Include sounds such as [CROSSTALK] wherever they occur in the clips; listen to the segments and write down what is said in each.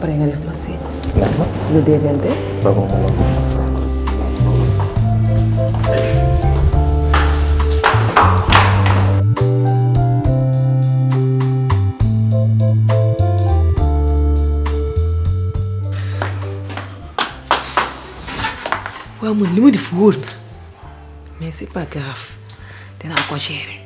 après nga def ma signe. d'accord ñu déggante. d'accord Vamos limpar o ma Mas é na mais c'est pas grave dinaa ko gérer.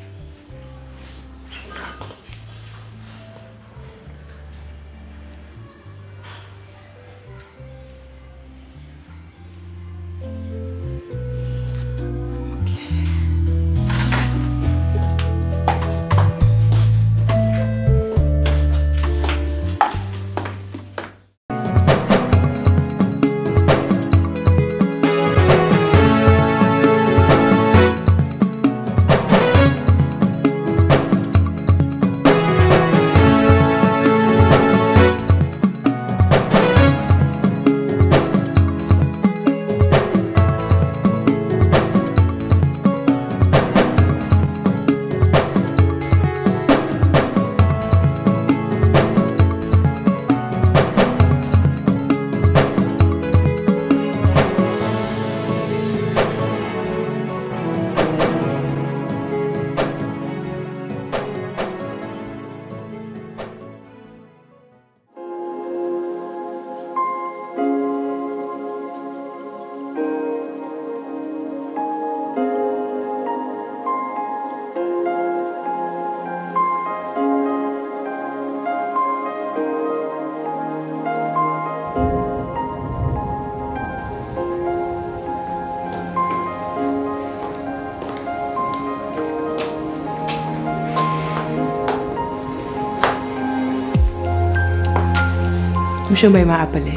Monsieur Mbaye m'a appelé.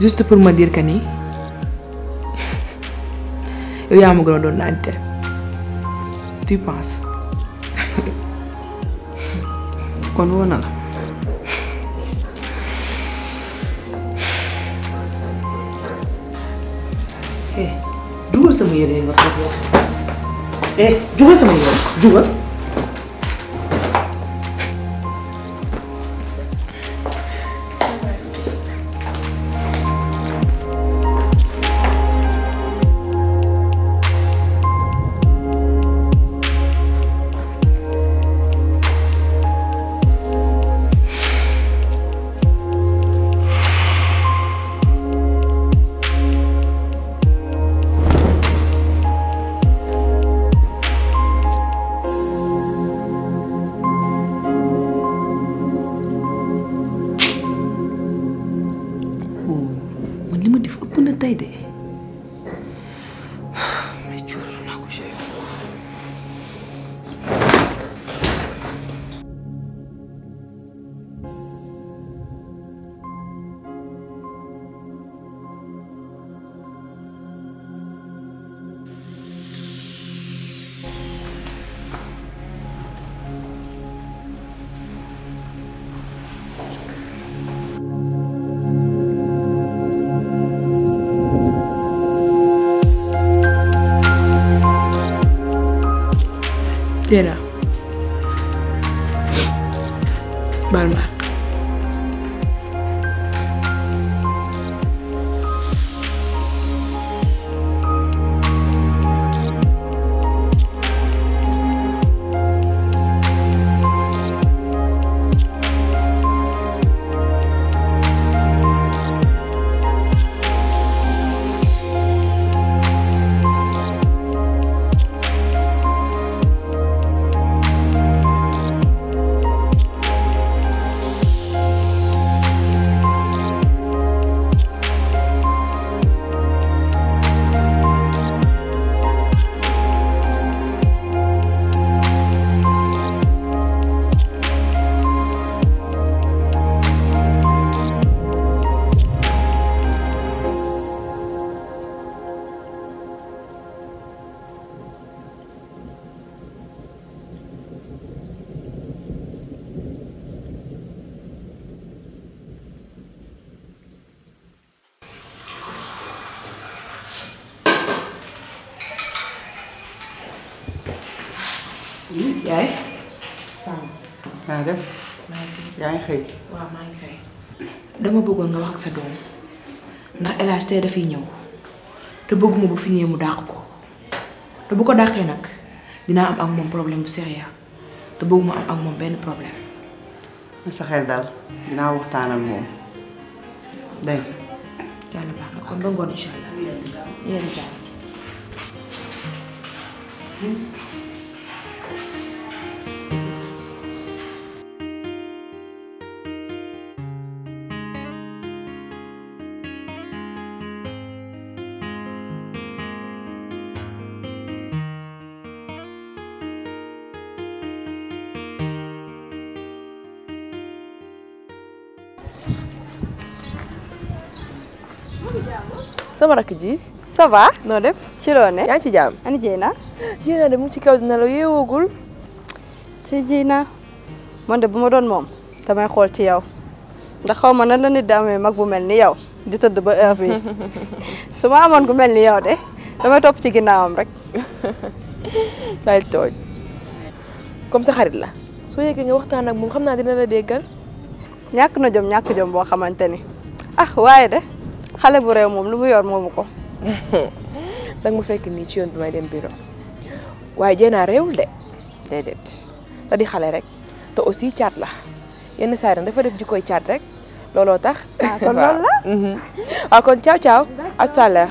Juste pour me dire que ni. Il y a un grand donante. Tu penses? Quand on a Eh, jugal sama yére nga toog yow. Eh, jugal sama yére, jugal. Llena. Balmar. yaay. Samb. def. yaa ngi xëy. dama bëggoon nga wax ak sa doom ndax El Hadj tey dafay ñëw te bëgguma bu fi ñëwee mu dàq ko te bu ko dàqee nag dinaa am ak moom problème bu sérieux te bëgguma am ak moom benn problème. na sa xel dal dinaa waxtaan ak moom dégg nga. sama kiji. ça Nodef. Chirone. def ci ani jena. Jena de mu kau dina la yeewoogul ci Dieyna man de bu ma doon moom damay xool ci yow ndax xaw ma ni yau. di tëdd ba heure bi [LAUGHS] su ma ni yau de tamai top ci ginnaawam rek daal toy. Kom sa xarit la soo yeggee nga waxtaan ak moom dina la degal. Nyak no jom nyak jom bo xamante ah wae de xale bu réew moom lu mu yor moomu ko. [LAUGHS] danga ma fekk nii ci yoon bi may dem bureau waaye jéenaa réewul de déedéet te di xale rek te aussi caat la yenn saa yi dafa def jikkoy caat rek looloo tax. waaw ah, kon loolu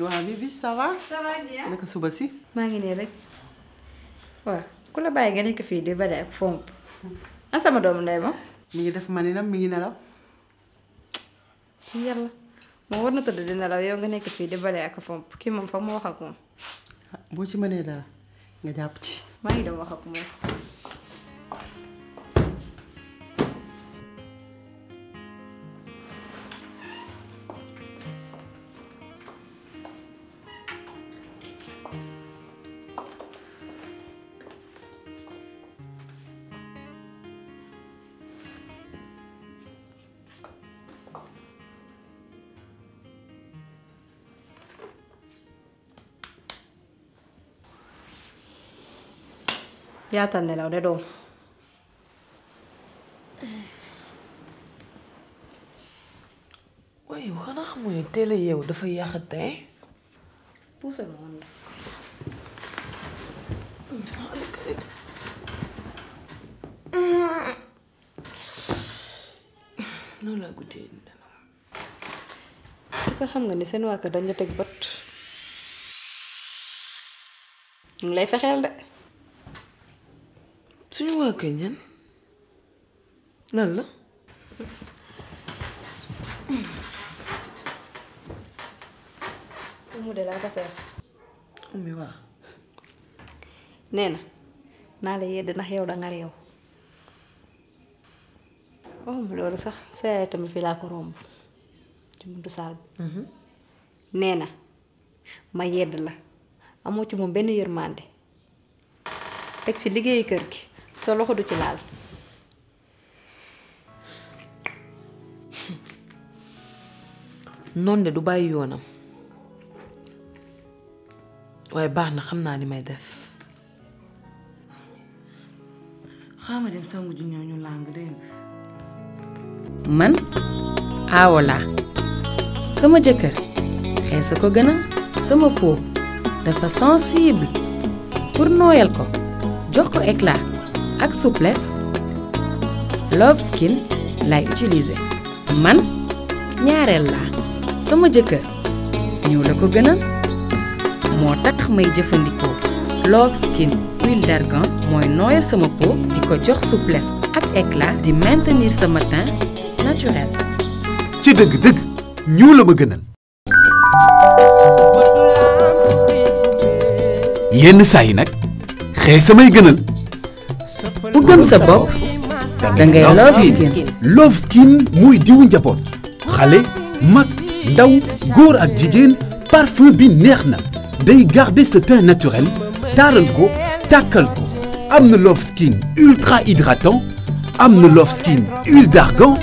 waaw Bibi ça va. ça va bien. naka suba si. maa ngi nii rek waaw ku la bàyyi nga nekk fii di bale ak fomp an sama doom ndey ma. mi ngi def maninam mi ngi nelaw. yàlla moom war na tëdd di nelaw yow nga nekk fii di bale ak fomp ki moom fa mu wax ak moom. boo ci mënee dara nga jàpp ci. maa ngi doon wax ak moom. yaatal nelaw de doom waaye xanaa xamoo ne teel yeewu dafa yàq tey puusal ma noonu laa guddee sa xam nga ni seen waa dañ la teg bët ñu lay fexeel de waa nee na naa la yedd ndax yow danga réew um loolu sax sa yaay tamit fii laa ko romb ci buntu saal bi mhm. nee na ma yedd la amoo ci moom benn yërmande teg ci liggéeyu kër gi sa loxo du ci laal. noonu de du bàyyi yoonam waaye baax na xam naa li may def. xaama dem sangu ñoo ñu làng dégg nga. man aawo sama jëkkër xeesa ko gën sama peau dafa sensible pour nooyal ko jox ko éclat. ak souplesse Love Skin lay utiliser man ñaareel laa sama jëkkër ñëw la ko gënal moo tax may jëfandikoo Love Skin huile mooy nooyal sama peau di ko jox souplesse ak éclat di maintenir sama teint naturel. ci dëgg-dëgg ñuul ma gënal. yenn saa yi nag xee samay gënal. bu gëm sa bopp da ngay love skin love skin muy diwu njaboot xale mag ndaw góor ak jigéen parfum bi neex na day garder sa teint naturel taaral ko tàkkal ko am love skin ultra hydratant Amne na love skin huile d'argan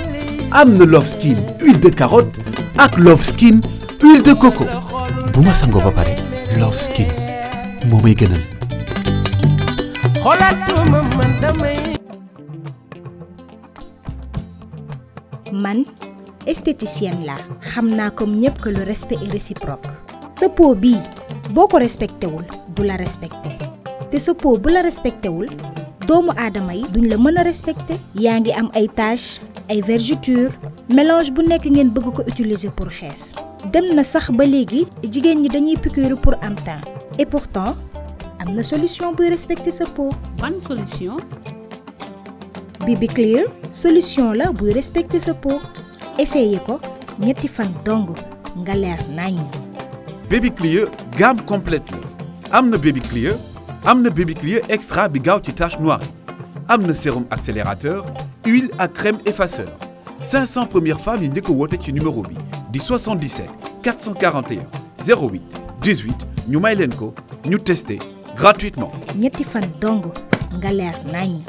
Amne na love skin huile de carotte ak love skin huile de coco bu ma sangoo ba pare love skin moo may gënal damay man esthéticienne la xam naa comme ñëpp que le respect est réciproque sa peau bii boo ko respecté wul du la respecté te sa peau bu la respecté wul doomu aadama yi duñ la mën a respecté yaa ngi am ay taches ay vergetures mélange bu nekk ngeen bëgg ko utiliser pour xees dem na sax ba léegi jigéen ñi dañuy piqûre pour am temps et pourtant am solution pour respecter ce peau. bonne solution. Baby Clear solution la buy respecter ce peau essayez ko ñetti fan dong nga leer nañ. Baby Clear gamme complète la Clear Clear extra bi gaw ci tache noire am sérum accélérateur huile à crème effaceur 500 premières femmes yi njëkk numéro bi di 77 441 08 18 ñu may ko ñu gratuitement ñetti fan dong nga leer nañ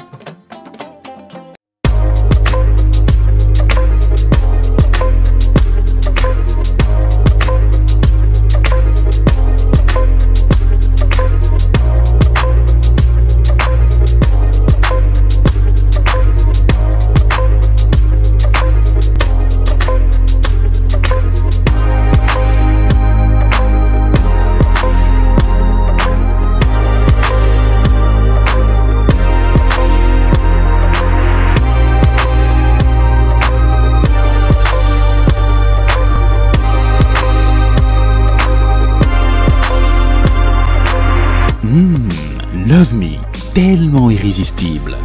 tellement irrésistible.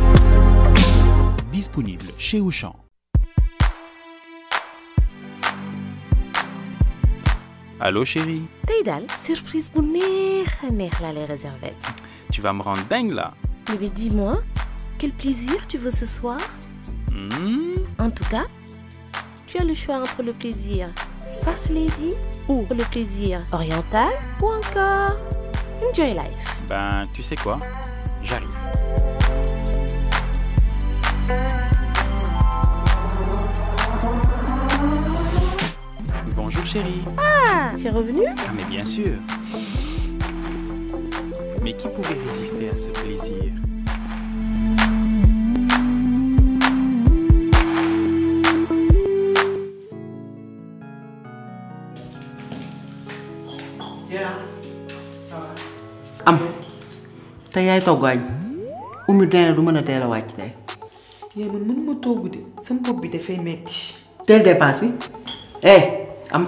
Disponible chez Auchan. Allô chérie Taïdal, surprise pour là les réservettes. Tu vas me rendre dingue là Mais dis-moi, quel plaisir tu veux ce soir hmm? En tout cas, tu as le choix entre le plaisir soft lady ou le plaisir oriental ou encore enjoy life. Ben, tu sais quoi j'arrive. Bonjour chérie. Ah, c'est revenu Ah mais bien sûr. Mais qui pouvait résister à ce plaisir te yaay togg añ ummi du mën a teel a wàcc tey. yow man mënuma togg de sama bopp bi dafay metti teel dépense bi eh am.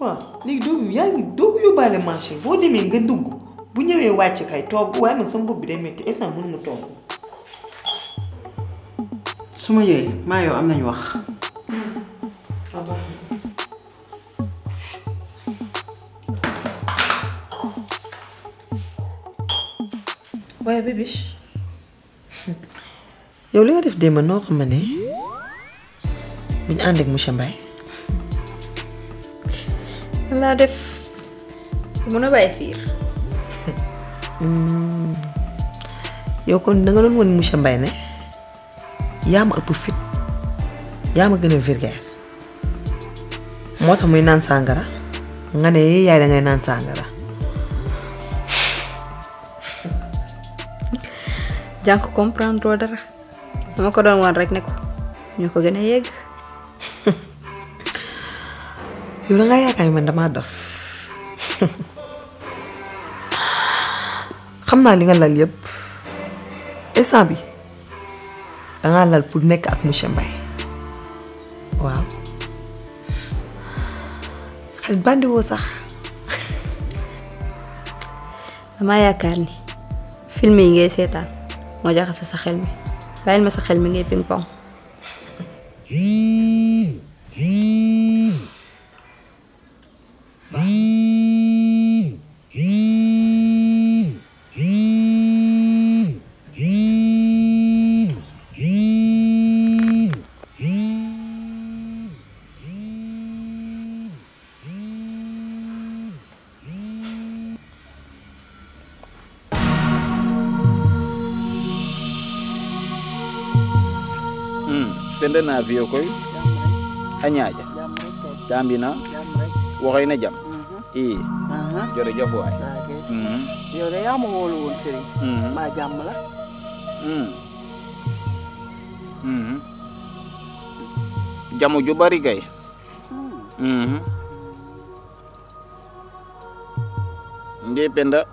waaw léegi doo yaa ngi doo ko yóbbaale marché boo demee nga dugg bu ñëwee wàcc kay togg waaye man sama bopp bi day metti instant mënuma togg. su ma ñëwee maa yow am nañu wax. Ah, waaye Bibiche yow li nga def démb noo xam ne bi ànd ak monsieur mbay naa def mun a bàyyi fiir. Hmm. yow kon da nga doon woon monsieur ne yaa ma ëpp fit yaa ma gën a vulgaire moo tax muy naan sàngara nga ne yaay da naan sàngara. janko comprendre dara dama ko don won rek ne ko ñoko gëna ya, yegg yu la [LAUGHS] nga yaakaar man dama def xamna [LAUGHS] li nga lal yépp instant eh, bi da nga lal pour nekk ak monsieur mbay waaw bandi wo sax dama yaakaar film yi ya, ngay seetaan moo jaxase sa xel mi bàyyil ma sa xel mi ngay ping pong na viyo koy a ñaaƴa tambina waxey na jam i jërëjëf waay mm-hmm. mm-hmm. mm-hmm. ju bari kay nde penda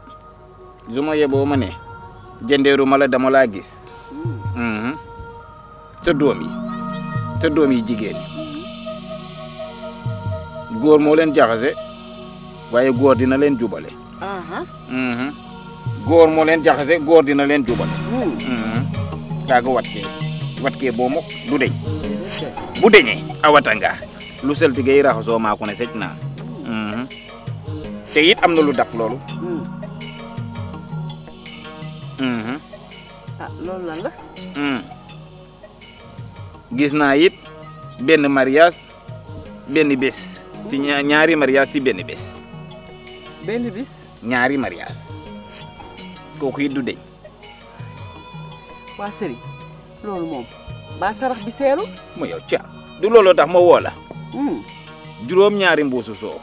zuma yeboo ma ne jëndeeru la gis sa doom te doom yi jigéen góor moo leen jaxase waaye góor dina leen jubale. Mhm. góor moo leen jaxase góor dina leen jubale. Hmm. Mhm. kaaga watkee watkee boo mok du deñ bu deñee a watanga lu saltige yi raxasoo maa ko ne sec naa mhm. te it am na lu dàq loolu. Hmm. ah loolu lan la. Hmm. gis naa it benn mariage benn bes si ñaari mariage si benn bes benn Marias ñaari mariage kooku it du deñ. wa seri lolu mom ba sarax bi seru mo yow ci du lolu tax mo wola hmm jurom ñaari mbosu so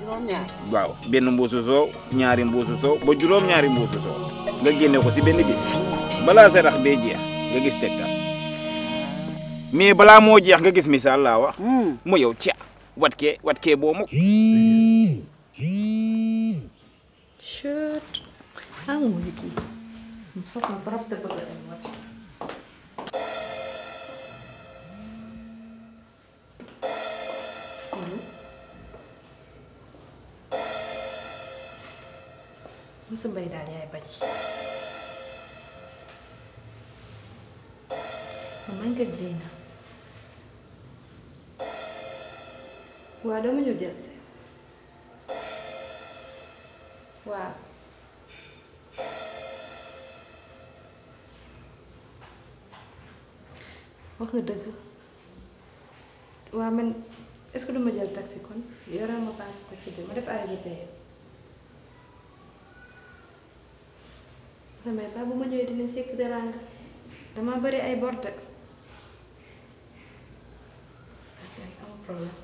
jurom ñaar waaw benn mbosu so ñaari mbosu so ba jurom ñaari mbosu so nga ko si benn bés bala sarax be jeex nga gis mais bala mo jeex nga gis misal la wax mu yow ca watkee watkee boo muk chut amu wiki soxna trop te bëgg wat Masa mbay daal 和でもよじゃせわ wax nga dëgg waa man Wah, men, que duma jël taksi kon mau pas taksi deh, Mereka ma di ARGP sama apa, bu ma di dinañ sekk teranga dama beri ay borde kamu problem.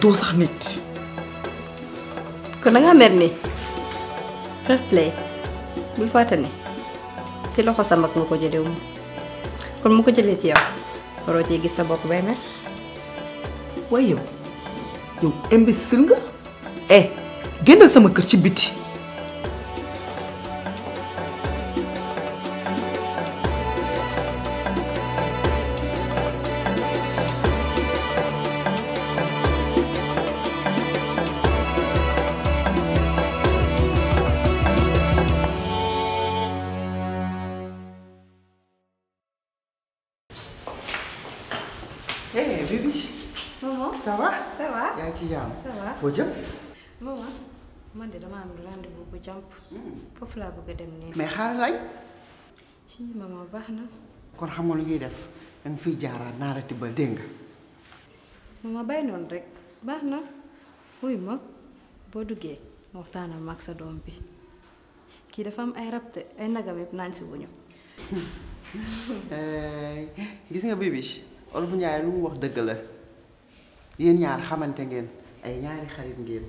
doo sax nit. kon da ngaa mer ni fair play bul fàtte ne ci loxo sa mag nga ko jëlee wu kon mu ko jëlee ci yow waroo cee gis sa bokk bay mer. waaye yow yow imbécile nga. eh sama kër ci biti. Bibi maman ça va ça va a ya, ngi ci jàmm ça va Faut jëm maman man de dama am rendez-vous bu jàmp foofu mama bëgg a dem nii mais xaaral lañ si maman baax na kon xam nga lu ñuy def da nga fiy jaaraat naara tibbal dégg nga maman bàyyi noonu rek baax na wuy ma boo duggee ma waxtaanal ma ak sa doom bi kii dafa am ay rabte ay nagam yëpp naan si wuñu gis nga bibiche olof njaay lu mu wax dëgg la yéen ñaar xamante ngeen ay ñaari xarit ngeen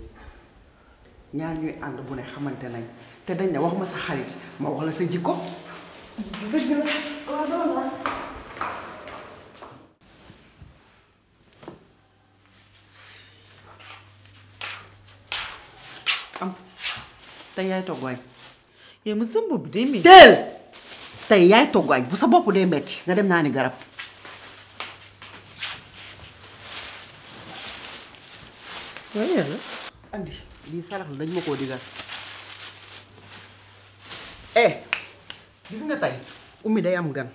ñaar ñuy ànd bu ne xamante nañ te dañ ne wax ma sa xarit ma wax la sa jikko dëgg la waaw doon la am tey yaay togg añ yow ma sa andi lii sarax la dañ ma digal eh gis nga tay, umi day am gan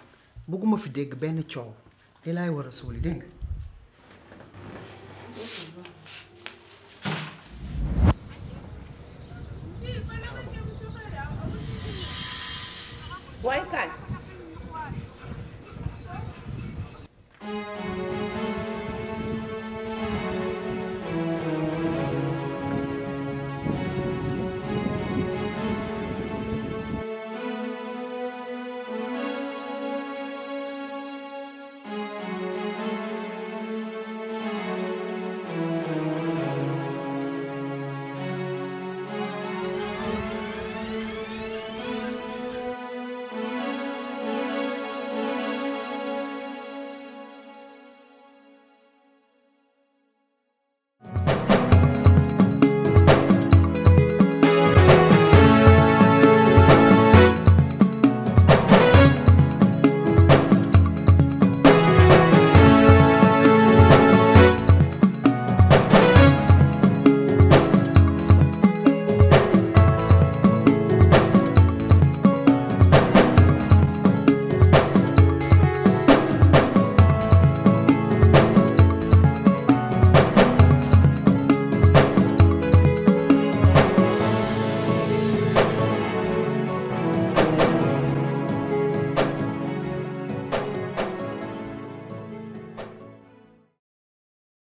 bëgguma fi dégg ben coow li laay war a suuli dégg waaye